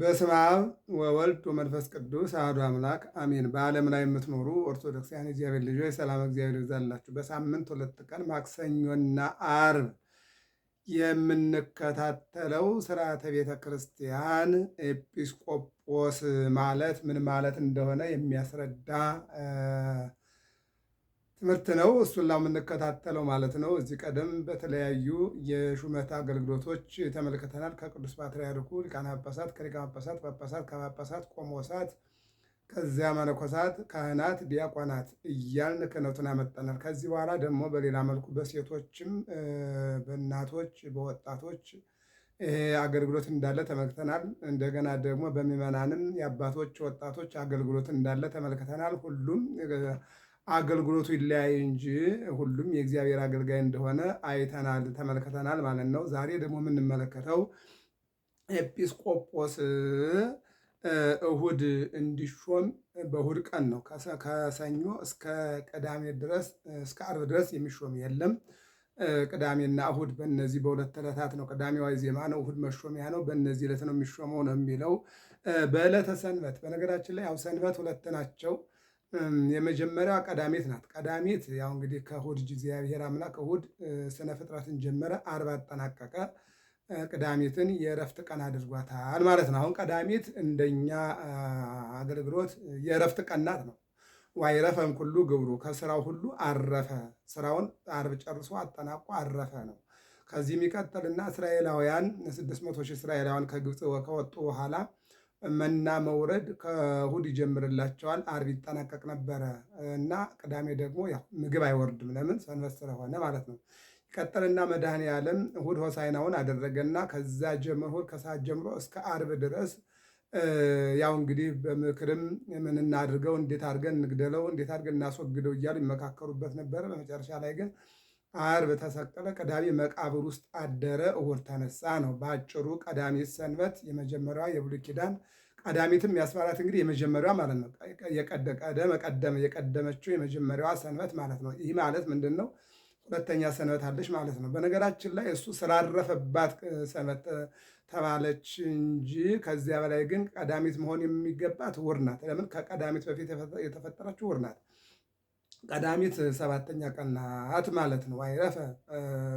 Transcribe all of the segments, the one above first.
በስመ አብ ወወልድ ወመንፈስ ቅዱስ አሐዱ አምላክ አሜን። በዓለም ላይ የምትኖሩ ኦርቶዶክሳውያን እግዚአብሔር ልጆች ሰላም እግዚአብሔር ይዛላችሁ። በሳምንት ሁለት ቀን ማክሰኞና አርብ የምንከታተለው ስርዓተ ቤተ ክርስቲያን ኤጲስቆጶስ ማለት ምን ማለት እንደሆነ የሚያስረዳ ትምህርት ነው። እሱን ላምንከታተለው ማለት ነው። እዚህ ቀደም በተለያዩ የሹመት አገልግሎቶች ተመልክተናል። ከቅዱስ ፓትርያርኩ ሊቃነ ጳጳሳት፣ ከሊቃነ ጳጳሳት ጳጳሳት፣ ከጳጳሳት ቆሞሳት፣ ከዚያ መነኮሳት፣ ካህናት፣ ዲያቆናት እያልን ክህነቱን አመጠናል። ከዚህ በኋላ ደግሞ በሌላ መልኩ በሴቶችም፣ በእናቶች፣ በወጣቶች ይሄ አገልግሎት እንዳለ ተመልክተናል። እንደገና ደግሞ በምዕመናንም የአባቶች ወጣቶች አገልግሎት እንዳለ ተመልክተናል። ሁሉም አገልግሎቱ ይለያይ እንጂ ሁሉም የእግዚአብሔር አገልጋይ እንደሆነ አይተናል፣ ተመልክተናል ማለት ነው። ዛሬ ደግሞ የምንመለከተው ኤጲስቆጶስ እሁድ እንዲሾም በእሁድ ቀን ነው። ከሰኞ እስከ ቅዳሜ ድረስ እስከ አርብ ድረስ የሚሾም የለም። ቅዳሜና እሁድ በነዚህ በሁለት ዕለታት ነው። ቅዳሜ ዋዜማ ነው፣ እሁድ መሾሚያ ነው። በነዚህ ዕለት ነው የሚሾመው ነው የሚለው በዕለተ ሰንበት። በነገራችን ላይ ያው ሰንበት ሁለት ናቸው። የመጀመሪያ ቀዳሜት ናት። ቀዳሜት ያው እንግዲህ ከእሑድ እግዚአብሔር አምላክ እሑድ ስነ ፍጥረትን ጀመረ፣ አርብ አጠናቀቀ። ቅዳሜትን የእረፍት ቀን አድርጓታል ማለት ነው። አሁን ቀዳሜት እንደኛ አገልግሎት የእረፍት ቀን ናት ነው። ዋይረፈን ኩሉ ግብሩ ከስራው ሁሉ አረፈ። ስራውን አርብ ጨርሶ አጠናቆ አረፈ ነው። ከዚህ የሚቀጥልና እስራኤላውያን ስድስት መቶ ሺህ እስራኤላውያን ከግብፅ ከወጡ በኋላ መና መውረድ ከእሁድ ይጀምርላቸዋል፣ አርብ ይጠናቀቅ ነበረ እና ቅዳሜ ደግሞ ምግብ አይወርድም። ለምን ሰንበት ስለሆነ ማለት ነው። ይቀጥልና መድኃኔ ዓለም እሑድ ሆሳዕናውን አደረገና ከዛ ጀምሮ እሑድ ከሰዓት ጀምሮ እስከ አርብ ድረስ ያው እንግዲህ በምክርም ምን እናድርገው፣ እንዴት አድርገን እንግደለው፣ እንዴት አድርገን እናስወግደው እያሉ ይመካከሩበት ነበረ። በመጨረሻ ላይ ግን አርብ ተሰቀለ፣ ቅዳሜ መቃብር ውስጥ አደረ፣ እሑድ ተነሳ ነው። በአጭሩ ቀዳሚ ሰንበት የመጀመሪያ። የብሉይ ኪዳን ቀዳሚትም ያስባላት እንግዲህ የመጀመሪያዋ ማለት ነው። የቀደመ ቀደመ የቀደመችው የመጀመሪያዋ ሰንበት ማለት ነው። ይህ ማለት ምንድን ነው? ሁለተኛ ሰንበት አለች ማለት ነው። በነገራችን ላይ እሱ ስላረፈባት ሰንበት ተባለች እንጂ ከዚያ በላይ ግን ቀዳሚት መሆን የሚገባት ውር ናት። ለምን? ከቀዳሚት በፊት የተፈጠረችው ውር ናት። ቀዳሚት ሰባተኛ ቀን ማለት ነው። አይረፈ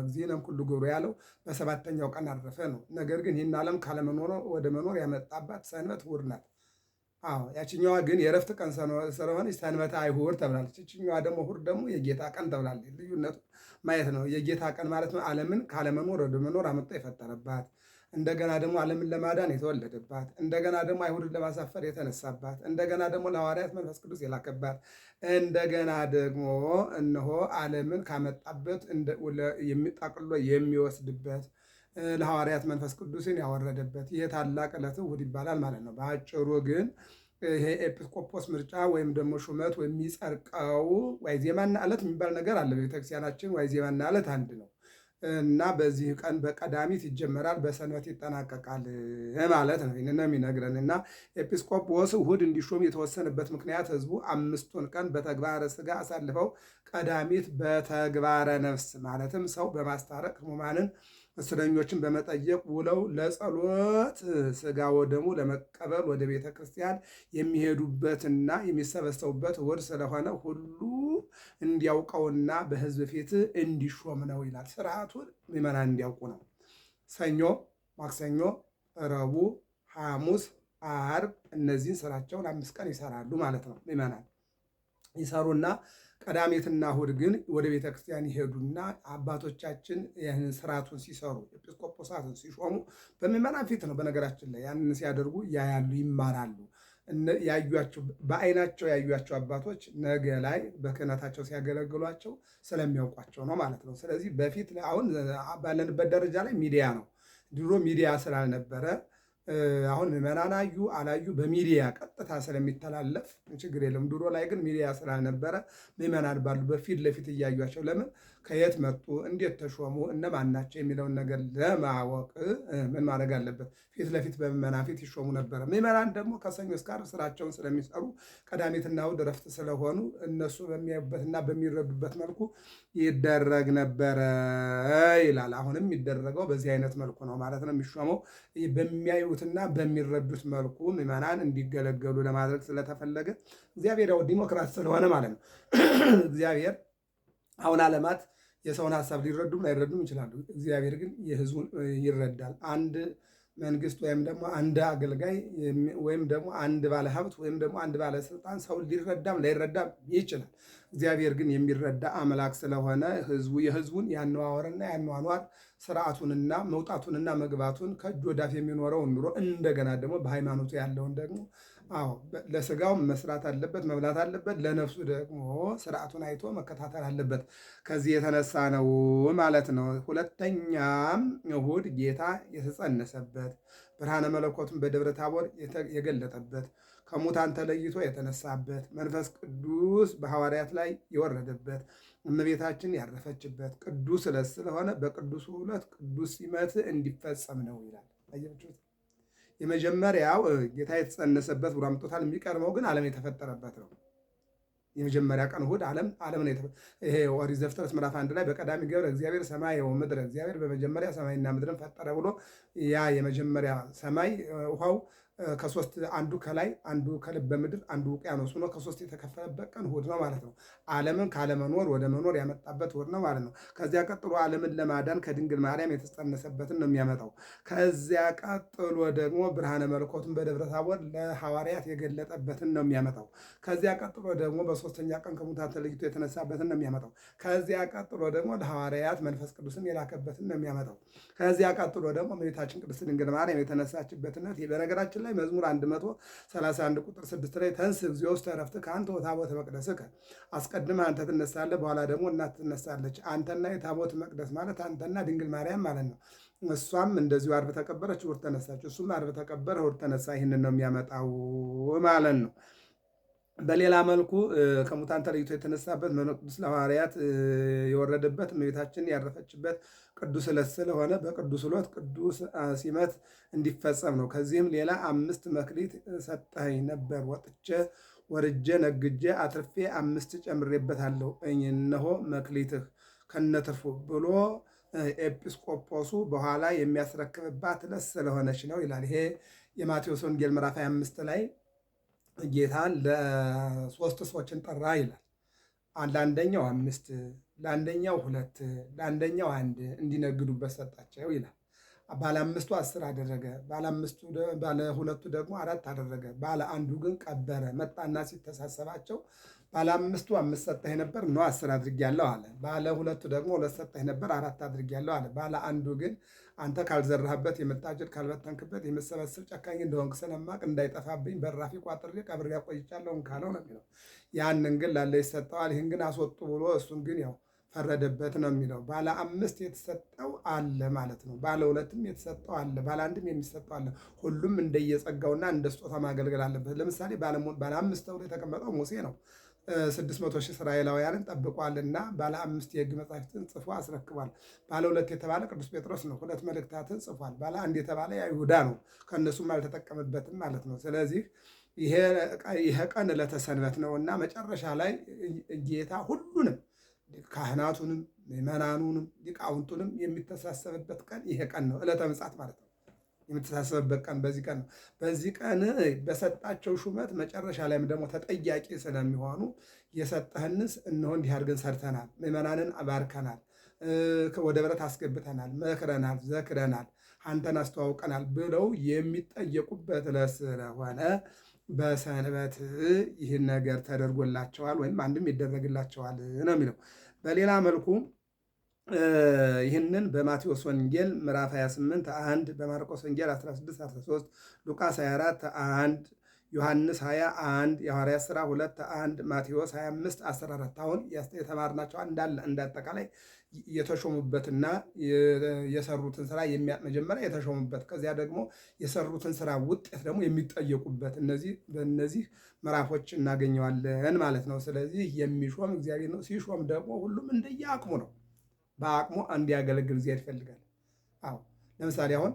እግዚእነም ኩሉ ግብሩ ያለው በሰባተኛው ቀን አረፈ ነው። ነገር ግን ይህን ዓለም ካለመኖር ወደ መኖር ያመጣባት ሰንበት እሑድ ናት። አዎ ያችኛዋ ግን የእረፍት ቀን ስለሆነች ሰንበት አይሁር ተብላለች። ይችኛዋ ደግሞ እሑድ ደግሞ የጌታ ቀን ተብላለች። ልዩነቱ ማየት ነው። የጌታ ቀን ማለት ነው ዓለምን ካለመኖር ወደ መኖር አመጣ የፈጠረባት እንደገና ደግሞ ዓለምን ለማዳን የተወለደባት፣ እንደገና ደግሞ አይሁድን ለማሳፈር የተነሳባት፣ እንደገና ደግሞ ለሐዋርያት መንፈስ ቅዱስ የላከባት፣ እንደገና ደግሞ እነሆ ዓለምን ካመጣበት የሚጣቅሎ የሚወስድበት ለሐዋርያት መንፈስ ቅዱስን ያወረደበት ይህ ታላቅ ዕለት እሑድ ይባላል ማለት ነው። በአጭሩ ግን ይሄ ኤጲስቆጶስ ምርጫ ወይም ደግሞ ሹመት የሚጸድቀው ዋይዜማና ዕለት የሚባል ነገር አለ። ቤተክርስቲያናችን ዜማና ዕለት አንድ ነው። እና በዚህ ቀን በቀዳሚት ይጀመራል፣ በሰንበት ይጠናቀቃል ማለት ነው። ይህን የሚነግረን እና ኤጲስቆጶስ እሑድ እንዲሾም የተወሰነበት ምክንያት ህዝቡ አምስቱን ቀን በተግባረ ስጋ አሳልፈው ቀዳሚት በተግባረ ነፍስ ማለትም ሰው በማስታረቅ ህሙማንን እስረኞችን በመጠየቅ ውለው ለጸሎት ስጋ ወደሙ ለመቀበል ወደ ቤተ ክርስቲያን የሚሄዱበትና የሚሰበሰቡበት ውድ ስለሆነ ሁሉ እንዲያውቀውና በሕዝብ ፊት እንዲሾም ነው ይላል። ስርዓቱን ምዕመናን እንዲያውቁ ነው። ሰኞ፣ ማክሰኞ፣ ረቡዕ፣ ሐሙስ፣ አርብ እነዚህን ስራቸውን አምስት ቀን ይሰራሉ ማለት ነው። ምዕመናን ይሰሩና ቀዳሜትና እሁድ ግን ወደ ቤተ ክርስቲያን ይሄዱና አባቶቻችን ይህንን ስርዓቱን ሲሰሩ ኤጲስቆጶሳትን ሲሾሙ በምዕመናን ፊት ነው። በነገራችን ላይ ያንን ሲያደርጉ ያያሉ፣ ይማራሉ። ያዩቸው በአይናቸው ያዩቸው አባቶች ነገ ላይ በክህነታቸው ሲያገለግሏቸው ስለሚያውቋቸው ነው ማለት ነው። ስለዚህ በፊት አሁን ባለንበት ደረጃ ላይ ሚዲያ ነው። ድሮ ሚዲያ ስላልነበረ አሁን ምዕመናን አዩ አላዩ በሚዲያ ቀጥታ ስለሚተላለፍ ችግር የለም። ድሮ ላይ ግን ሚዲያ ስላልነበረ ምዕመናን ባሉ በፊት ለፊት እያዩቸው ለምን ከየት መጡ፣ እንዴት ተሾሙ፣ እነማን ናቸው የሚለውን ነገር ለማወቅ ምን ማድረግ አለበት? ፊት ለፊት በምዕመናን ፊት ይሾሙ ነበረ። ምዕመናን ደግሞ ከሰኞ እስከ ዓርብ ስራቸውን ስለሚሰሩ ቀዳሚትና እሑድ እረፍት ስለሆኑ እነሱ በሚያዩበትና በሚረዱበት መልኩ ይደረግ ነበረ ይላል። አሁንም የሚደረገው በዚህ አይነት መልኩ ነው ማለት ነው። የሚሾመው በሚያዩትና በሚረዱት መልኩ ምዕመናን እንዲገለገሉ ለማድረግ ስለተፈለገ እግዚአብሔር ያው ዲሞክራት ስለሆነ ማለት ነው እግዚአብሔር አሁን ዓለማት የሰውን ሀሳብ ሊረዱም ላይረዱም ይችላሉ። እግዚአብሔር ግን የህዝቡን ይረዳል። አንድ መንግስት ወይም ደግሞ አንድ አገልጋይ ወይም ደግሞ አንድ ባለሀብት ወይም ደግሞ አንድ ባለስልጣን ሰው ሊረዳም ላይረዳም ይችላል። እግዚአብሔር ግን የሚረዳ አምላክ ስለሆነ ህዝቡ የህዝቡን ያነዋወርና ያኗኗር ስርዓቱንና መውጣቱንና መግባቱን ከእጅ ወዳፍ የሚኖረውን ኑሮ እንደገና ደግሞ በሃይማኖቱ ያለውን ደግሞ አዎ ለስጋው መስራት አለበት፣ መብላት አለበት። ለነፍሱ ደግሞ ስርዓቱን አይቶ መከታተል አለበት። ከዚህ የተነሳ ነው ማለት ነው። ሁለተኛም እሑድ ጌታ የተጸነሰበት ብርሃነ መለኮቱን በደብረ ታቦር የገለጠበት ከሙታን ተለይቶ የተነሳበት መንፈስ ቅዱስ በሐዋርያት ላይ የወረደበት እመቤታችን ያረፈችበት ቅዱስ ዕለት ስለሆነ በቅዱሱ ዕለት ቅዱስ ሲመት እንዲፈጸም ነው ይላል። የመጀመሪያው ጌታ የተጸነሰበት ብሎ አምጥቶታል። የሚቀርበው ግን ዓለም የተፈጠረበት ነው። የመጀመሪያ ቀን እሑድ ዓለም ዓለም ነው። ይሄ ኦሪት ዘፍጥረት ምዕራፍ አንድ ላይ በቀዳሚ ገብረ እግዚአብሔር ሰማየ ወምድረ እግዚአብሔር በመጀመሪያ ሰማይና ምድርን ፈጠረ ብሎ ያ የመጀመሪያ ሰማይ ውሃው ከሶስት አንዱ ከላይ አንዱ ከልብ በምድር አንዱ ውቅያኖስ ሆኖ ከሶስት የተከፈለበት ቀን እሑድ ነው ማለት ነው። ዓለምን ካለመኖር ወደ መኖር ያመጣበት እሑድ ነው ማለት ነው። ከዚያ ቀጥሎ ዓለምን ለማዳን ከድንግል ማርያም የተጸነሰበትን ነው የሚያመጣው። ከዚያ ቀጥሎ ደግሞ ብርሃነ መለኮቱን በደብረ ታቦር ለሐዋርያት የገለጠበትን ነው የሚያመጣው። ከዚያ ቀጥሎ ደግሞ በሶስተኛ ቀን ከሙታን ተለይቶ የተነሳበትን ነው የሚያመጣው። ከዚያ ቀጥሎ ደግሞ ለሐዋርያት መንፈስ ቅዱስን የላከበትን ነው የሚያመጣው። ከዚያ ቀጥሎ ደግሞ እመቤታችን ቅድስት ድንግል ማርያም የተነሳችበትነት በነገራችን ላይ ላይ መዝሙር 131 ቁጥር 6 ላይ ተንስ እግዚኦ ውስተ ዕረፍትከ አንተ ወታቦተ መቅደስከ፣ አስቀድመ አንተ ትነሳለህ፣ በኋላ ደግሞ እናት ትነሳለች። አንተና የታቦት መቅደስ ማለት አንተና ድንግል ማርያም ማለት ነው። እሷም እንደዚሁ አርብ ተቀበረች፣ እሑድ ተነሳች። እሱም አርብ ተቀበረ፣ እሑድ ተነሳ። ይህንን ነው የሚያመጣው ማለት ነው። በሌላ መልኩ ከሙታን ተለይቶ የተነሳበት መኖ ቅዱስ ለሐዋርያት የወረደበት እመቤታችን ያረፈችበት ቅዱስ ዕለት ስለሆነ በቅዱስ ዕለት ቅዱስ ሲመት እንዲፈጸም ነው። ከዚህም ሌላ አምስት መክሊት ሰጠኸኝ ነበር ወጥቼ ወርጄ ነግጄ አትርፌ አምስት ጨምሬበታለሁ። እነሆ መክሊትህ ከነትርፉ ብሎ ኤጲስቆጶሱ በኋላ የሚያስረክብባት ዕለት ስለሆነች ነው ይላል። ይሄ የማቴዎስ ወንጌል ምዕራፍ 25 ላይ ጌታን ለሶስት ሰዎችን ጠራ ይላል። ለአንደኛው አምስት፣ ለአንደኛው ሁለት፣ ለአንደኛው አንድ እንዲነግዱበት ሰጣቸው ይላል። ባለ አምስቱ አስር አደረገ፣ ባለ ሁለቱ ደግሞ አራት አደረገ። ባለ አንዱ ግን ቀበረ። መጣና ሲተሳሰባቸው ባለ አምስቱ አምስት ሰጠህ ነበር ነው አስር አድርጌያለሁ አለ። ባለ ሁለቱ ደግሞ ሁለት ሰጠህ ነበር አራት አድርጌያለሁ አለ። ባለ አንዱ ግን አንተ ካልዘራህበት የምታጭድ ካልበተንክበት የምትሰበስብ ጨካኝ እንደሆንክ ስለማቅ እንዳይጠፋብኝ በራፊ ቋጥሬ ቀብሬ አቆይቻለሁ ካለው ነው የሚለው። ያንን ግን ላለ ይሰጠዋል፣ ይህን ግን አስወጡ ብሎ እሱን ግን ያው ፈረደበት ነው የሚለው። ባለ አምስት የተሰጠው አለ ማለት ነው። ባለ ሁለትም የተሰጠው አለ፣ ባለ አንድም የሚሰጠው አለ። ሁሉም እንደየጸጋውና እንደ ስጦታ ማገልገል አለበት። ለምሳሌ ባለ አምስት ተብሎ የተቀመጠው ሙሴ ነው። ስድስት መቶ ሺህ እስራኤላውያንን ጠብቋልና ባለ አምስት የሕግ መጻሕፍትን ጽፎ አስረክቧል። ባለ ሁለት የተባለ ቅዱስ ጴጥሮስ ነው፣ ሁለት መልእክታትን ጽፏል። ባለ አንድ የተባለ አይሁዳ ነው፣ ከእነሱም አልተጠቀምበትም ማለት ነው። ስለዚህ ይሄ ቀን ዕለተ ሰንበት እና መጨረሻ ላይ ጌታ ሁሉንም ካህናቱንም ምእመናኑንም ሊቃውንቱንም የሚተሳሰብበት ቀን ይሄ ቀን ነው። ዕለተ ምጽአት ማለት ነው። የሚተሳሰብበት ቀን በዚህ ቀን ነው። በዚህ ቀን በሰጣቸው ሹመት መጨረሻ ላይም ደግሞ ተጠያቂ ስለሚሆኑ የሰጠህንስ እነሆ እንዲህ አድርገን ሰርተናል፣ ምእመናንን አባርከናል፣ ወደ ብረት አስገብተናል፣ መክረናል፣ ዘክረናል፣ አንተን አስተዋውቀናል ብለው የሚጠየቁበት ስለሆነ በሰንበት ይህን ነገር ተደርጎላቸዋል ወይም አንድም ይደረግላቸዋል ነው የሚለው። በሌላ መልኩ ይህንን በማቴዎስ ወንጌል ምዕራፍ 28 1 በማርቆስ ወንጌል 16 13 ሉቃስ 24 1 ዮሐንስ 20 1 የሐዋርያት ሥራ 2 1 ማቴዎስ 25 14 አሁን የተማርናቸው እንዳለ እንዳጠቃላይ የተሾሙበትና የሰሩትን ስራ የሚያጥ መጀመሪያ የተሾሙበት ከዚያ ደግሞ የሰሩትን ስራ ውጤት ደግሞ የሚጠየቁበት እነዚህ በእነዚህ ምዕራፎች እናገኘዋለን ማለት ነው። ስለዚህ የሚሾም እግዚአብሔር ነው። ሲሾም ደግሞ ሁሉም አቅሙ ነው። በአቅሙ እንዲያገለግል እግዚአብሔር ይፈልጋል። አዎ ለምሳሌ አሁን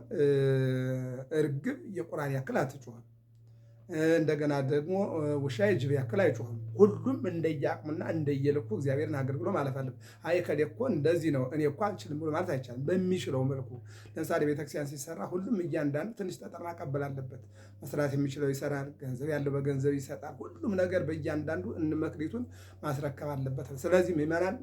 እርግብ የቁራን ያክል አትጮህም። እንደገና ደግሞ ውሻ የጅብ ያክል አይጮህም። ሁሉም እንደየአቅሙና እንደየልኩ እግዚአብሔርን አገልግሎ ማለፍ አለብ። አይ ከሌ እኮ እንደዚህ ነው እኔ እኮ አልችልም ብሎ ማለት አይቻልም። በሚችለው መልኩ ለምሳሌ ቤተክርስቲያን ሲሰራ ሁሉም እያንዳንዱ ትንሽ ጠጠር ማቀበል አለበት። መስራት የሚችለው ይሰራል፣ ገንዘብ ያለው በገንዘብ ይሰጣል። ሁሉም ነገር በእያንዳንዱ መክሊቱን ማስረከብ አለበት። ስለዚህ ምዕመናን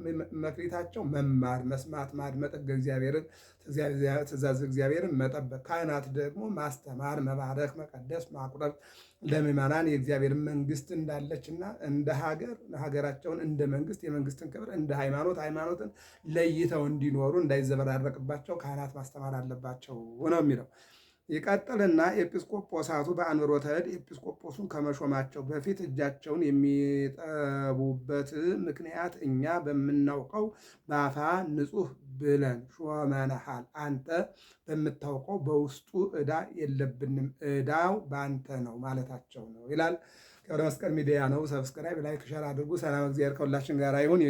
መክሊታቸው መማር፣ መስማት፣ ማድመጥ፣ እግዚአብሔርን ትእዛዝ እግዚአብሔርን መጠበቅ፣ ካህናት ደግሞ ማስተማር፣ መባረክ፣ መቀደስ፣ ማቁረብ ለምዕመናን የእግዚአብሔር መንግስት እንዳለችና እንደ ሀገር ሀገራቸውን እንደ መንግስት የመንግስትን ክብር እንደ ሃይማኖት ሃይማኖትን ለይተው እንዲኖሩ እንዳይዘበራረቅባቸው ካህናት ማስተማር አለባቸው ነው የሚለው። ይቀጥልና ኤጲስቆጶሳቱ በአንብሮተ እድ ኤጲስቆጶሱን ከመሾማቸው በፊት እጃቸውን የሚጠቡበት ምክንያት እኛ በምናውቀው በአፋ ንጹህ ብለን ሾመነሃል። አንተ በምታውቀው በውስጡ እዳ የለብንም፣ እዳው በአንተ ነው ማለታቸው ነው ይላል። ገብረ መስቀል ሚዲያ ነው። ሰብስክራይብ፣ ላይክ፣ ሸር አድርጉ። ሰላም፣ እግዚአብሔር ከሁላችን ጋር ይሁን።